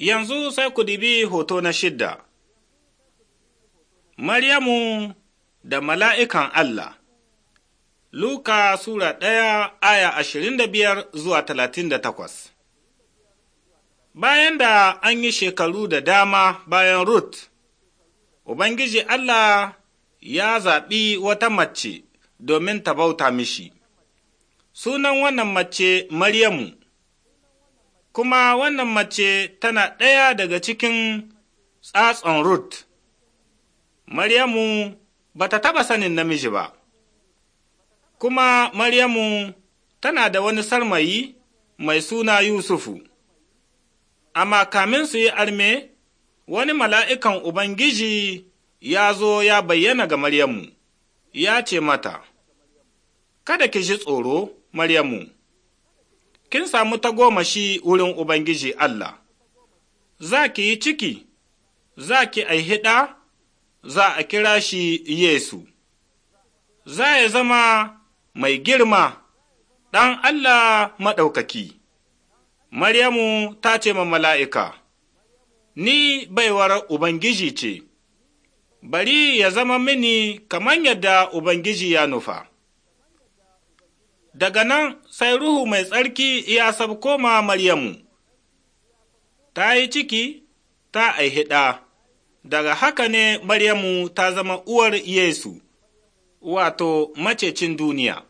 Yanzu sai ku dibi hoto na shidda. Maryamu da mala'ikan Allah Luka Sura ɗaya aya ashirin da biyar zuwa talatin da takwas Bayan da an yi shekaru da dama bayan Ruth, Ubangiji Allah ya zaɓi wata mace domin ta bauta mishi. Sunan wannan mace Maryamu. kuma wannan mace tana ɗaya daga cikin tsatson Rut. Maryamu ba ta taɓa sanin namiji ba, kuma Maryamu tana da wani sarmayi mai suna Yusufu, amma kamin su yi arme, wani mala'ikan Ubangiji ya zo ya bayyana ga Maryamu, ya ce mata, Kada ki ji tsoro, Maryamu. kin samu tagomashi wurin Ubangiji Allah, za ki yi ciki, za ki aihiɗa, za a kira shi Yesu, za ya zama mai girma ɗan Allah maɗaukaki. Maryamu ta ce ma mala'ika, Ni baiwar Ubangiji ce, bari ya zama mini kamar yadda Ubangiji ya nufa. Daga nan sai Ruhu mai tsarki ya sabko ma Maryamu, ta yi ciki, ta aihi ɗa, daga haka ne Maryamu ta zama uwar Yesu, wato macecin duniya.